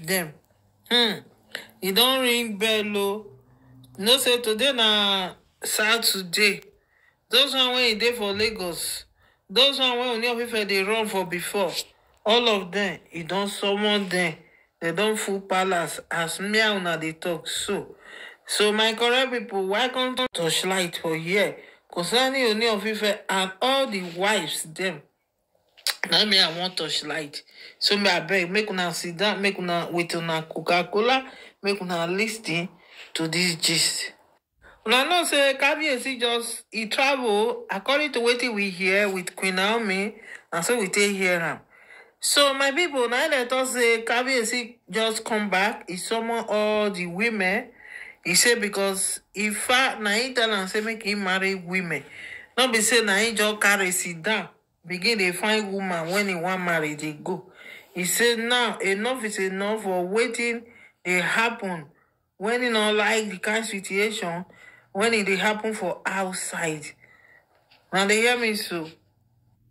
dem um e don ring bell o you know say today na saturday those one wey e dey for lagos those one wey oni of ife dey run for before all of dem e don summon dem dem don full palace as me and una dey talk so so my correct pipo welcome to torchlight for here concerning oni of ife and all di wives dem na me i wan light, so me abeg make una sit down make una with una coca cola make una lis ten to this gist una know say kabiyesi just e travel according to wetin we hear with queen naomi na so we take hear am so my pipo na dem talk say kabiyesi just come back e summon all di women e say becos ifa na im tell am say make im marry women no be say na im just carry sit down begin dey find woman wen e wan marry dey go e say now enough is enough for wetin dey happen wen e no like di kind situation wen e dey happen for outside na dey hear me so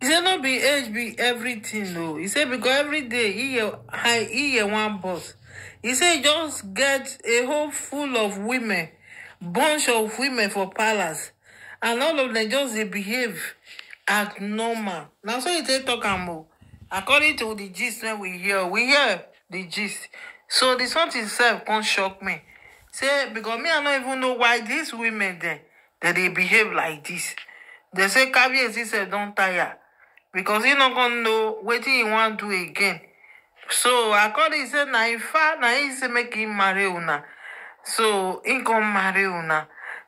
e say no be age be everything o e say becos everiday e hear one boss e say e just get a whole full of women bunch of women for palace and all of dem just dey behave normal, now so you take talk am according to the gist wey we hear we hear the gist so the something sef can shock me say because me i don't even know why these women then that they behave like this. They say kabiyesi don't tire because not gonna know wetin he want do again so according say na ifa na im say make im marry una so im come marry una.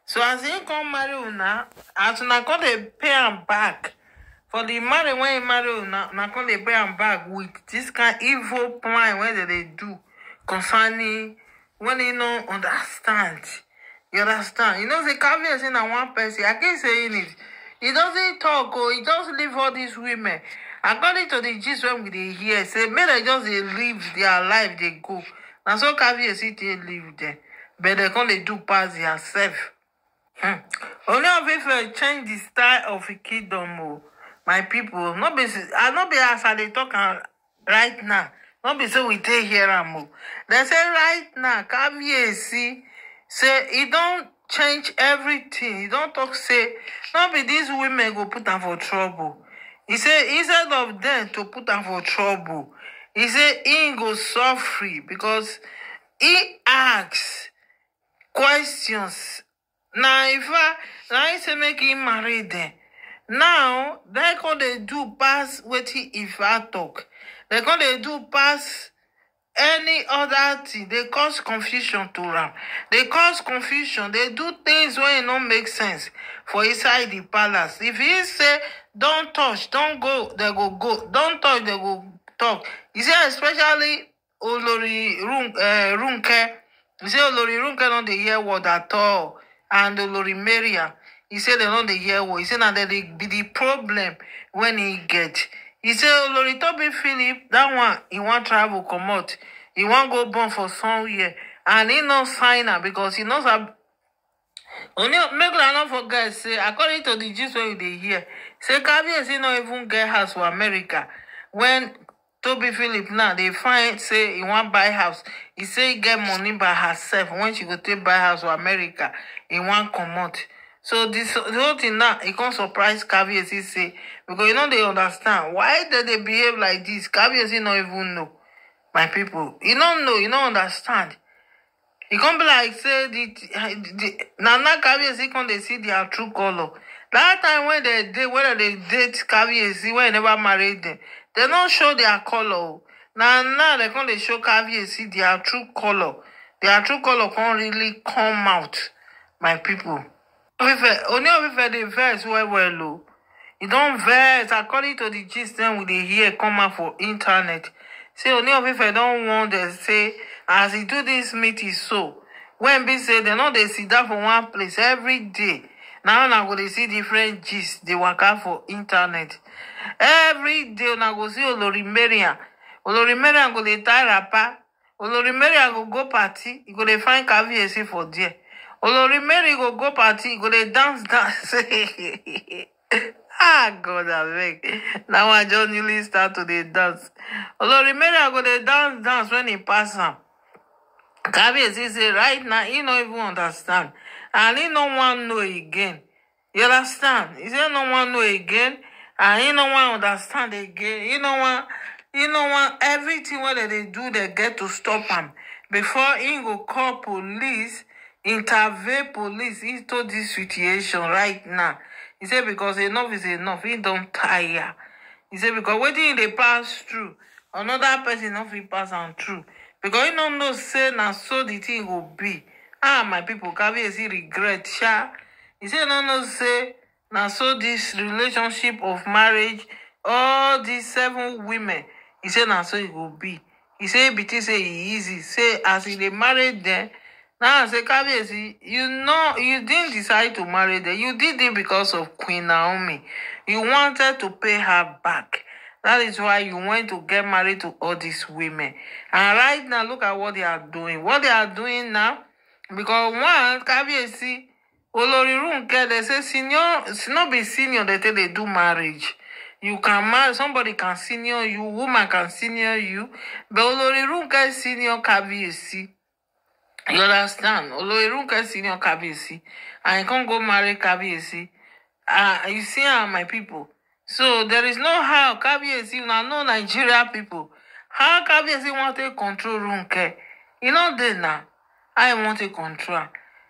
so as him come marry una as una come dey pay am back for the marry when him marry una una come dey pay am back with this kind evil plan wey dem dey do concerning when he no understand you understand you know say kabiyesi na one person I keep saying it. he doesn't talk or oh, he just leave all these women according to the gist when we dey hear say men dem just dey live their life dey go na so is kabiyesi take live there, but they come dey do pass theirself. Hmm. Only of we change the style of kingdom, oh, my people. No be, I no be as I they talk uh, right now. No be so we take here am oh. They say right now, come here see. say don't change everything. don't talk say no be these women go put am for trouble. He say instead of them to put am for trouble, he say he go suffer because he asks questions na ifa na him say make him marry dem now they come dey do pass wetin ifa talk They come dey do pass any other thing dey cause confusion to am dey cause confusion dey do things wey no make sense for inside the palace if he say don touch don go they go go don touch they go talk he say especially olori eh, runke he say olori runke no dey hear word at all and Lorimeria, He said they don't hear what. He said that they be the problem when he get. He said Olori oh, Toby Philip, that one, he want travel come out. He want go born for somewhere. And he not sign up because he knows her. Only make I not forget, say, according to the gist where they hear, say he not even get house for America. When toby philip now they find say he want buy house He say e get money by herself When she go take buy house for america e wan comot so dis whole thing now e come surprise caviezi say because you know they understand why dem they behave like dis caviezi not even know my people. You don't know you don't understand It come be like say the the nana caviezi come they see dia true colour dat time when they wey when they date caviezi wen e never married them dem no show their colour na now dem come dey show caviarcy their true colour their true colour come really come out my people. Ooni of Ife dey vex well well o. E don vex according to the gist dem we dey hear come out for internet. Say Ooni of Ife don warn dem say as e do dis meeting so, wen be say dem no dey sit down for one place every day. Na una go dey see different gist dey waka for internet. every day una go see olori marian olori marian go dey tie wrapper olori marian go go party e go dey find see for there olori mary go go party e go dey dance dance ah god abeg na one just newly start to dey dance olori mary go dey dance dance wen e pass am kabiyesi say right now e no even understand and e no wan know again you understand e say no wan know again and you no one understand again you know what? you know what? everything what they dey do they get to stop them before im go call police intervene police into this situation right now He said because enough is enough He don't tire He said because waiting they pass through another person no fit pass on through Because im don't know say na so the thing will be ah my people, pipo kabiyesi regret sha He said e no say Now, so this relationship of marriage, all these seven women, he said, now so it will be. He said, BT say easy. Say, as he they married them, now say, see, you know, you didn't decide to marry them. You did it because of Queen Naomi. You wanted to pay her back. That is why you went to get married to all these women. And right now, look at what they are doing. What they are doing now, because one, see." olori runke dey say senior no be senior dey take dey do marriage you can marry somebody can senior you woman can senior you but olori runke senior kabiyesi you understand olori runke senior kabiyesi and he come go marry kabiyesi ah uh, you see am my people so there is no how kabiyesi una know nigeria people how kabiyesi wan take control runke e no dey na how e wan take control am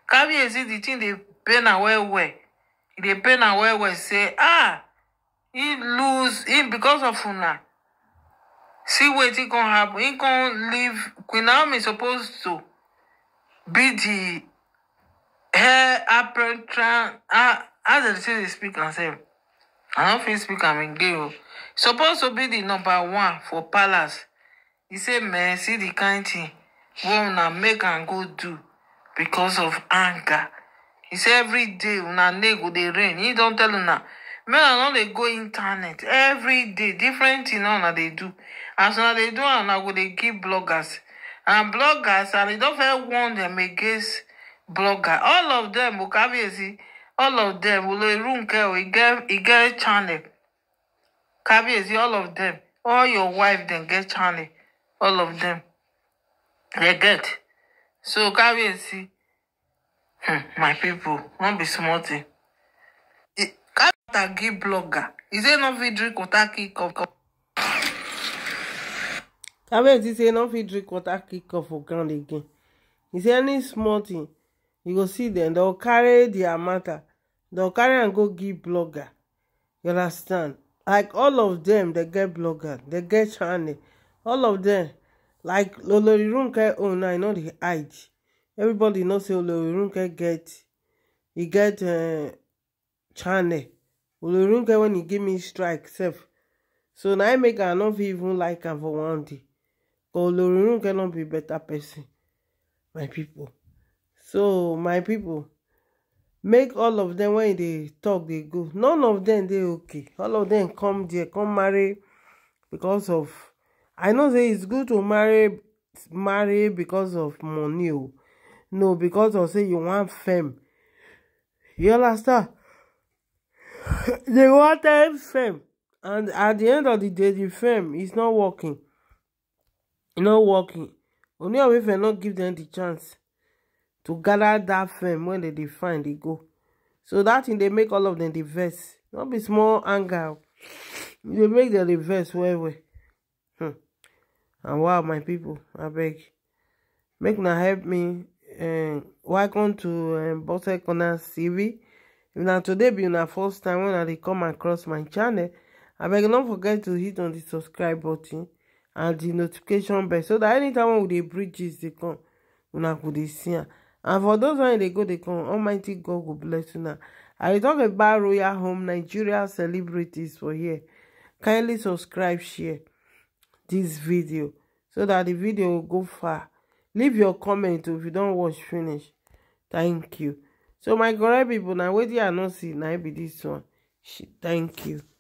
kabiyesi the thing dey pain am well well e dey pain am well well say ah he lose him because of una see wetin come happen He come leave queen naomi suppose to be the hair apprentice how dem still dey speak am sef i no fit speak am again o oh. suppose to be the number one for palace He say man see the kind thing wey una make am go do because of anger He say every day una nail go dey rain He don tell una make una no dey go internet every day different thing na una dey do as una dey do am una go dey give bloggers and bloggers and they don first warn them against bloggers all of them, okabiesi all of them dem Care. we get channel kabiesi all of them. all your wife then get channel all of them. They get so see. Eh, my people, no be small tin carry give blogger Is it not fit drink water kill cup. kabiyesi say no fit drink water kill cup for ground again e say any small tin you go see them. don carry their matter dem carry and go give blogger you understand like all of them, they get blogger They get channel all of them, like olori runke own na e no dey hide everybody know say Olorunke get he get uh, channel Olorunke when he give me strike self, so now im make i not fit even like am for one day but olori ronke be better person my people. so my people make all of them when they talk they go none of them they okay all of them come there come marry because of i know say its good to marry marry because of money o oh no because of say you want fame you understand they want them fame and at the end of the day the fame is not working Not working Only if Ife not give them the chance to gather that fame when they define they go so that thing they make all of them dey vex be small anger They make the reverse vex well well hmm. and wow my people I beg. make now help me um, welcome to um, Bose Corners TV. If na today be your first time when I come across my channel, I abeg no forget to hit on the subscribe button and the notification bell so that anytime when we dey bring gist dey come, una go dey see am. And for those when they go they come, Almighty God go bless Now I talk about Royal Home Nigeria celebrities for here. Kindly subscribe, share this video so that the video will go far leave your comment if you don't watch finish thank you so my correct now, na wetin i no see now e be this one thank you